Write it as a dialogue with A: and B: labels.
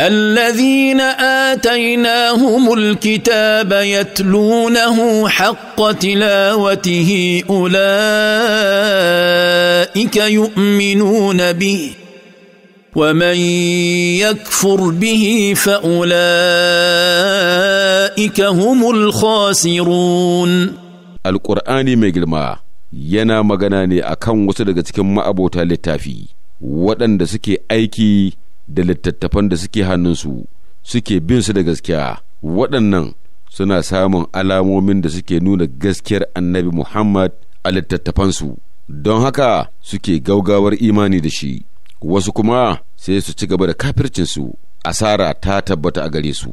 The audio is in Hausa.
A: الذين اتيناهم الكتاب يتلونه حق تلاوته اولئك يؤمنون به ومن يكفر به فاولئك هم
B: الخاسرون
C: القران مجلما yana magana ne akan wasu daga cikin ma'abota littafi waɗanda suke aiki da littattafan da suke hannunsu suke bin su da gaskiya waɗannan suna samun alamomin da suke nuna gaskiyar annabi Muhammad a littattafansu don haka suke gaugawar imani da shi wasu kuma sai su ci gaba da kafircinsu
D: asara ta tabbata a gare su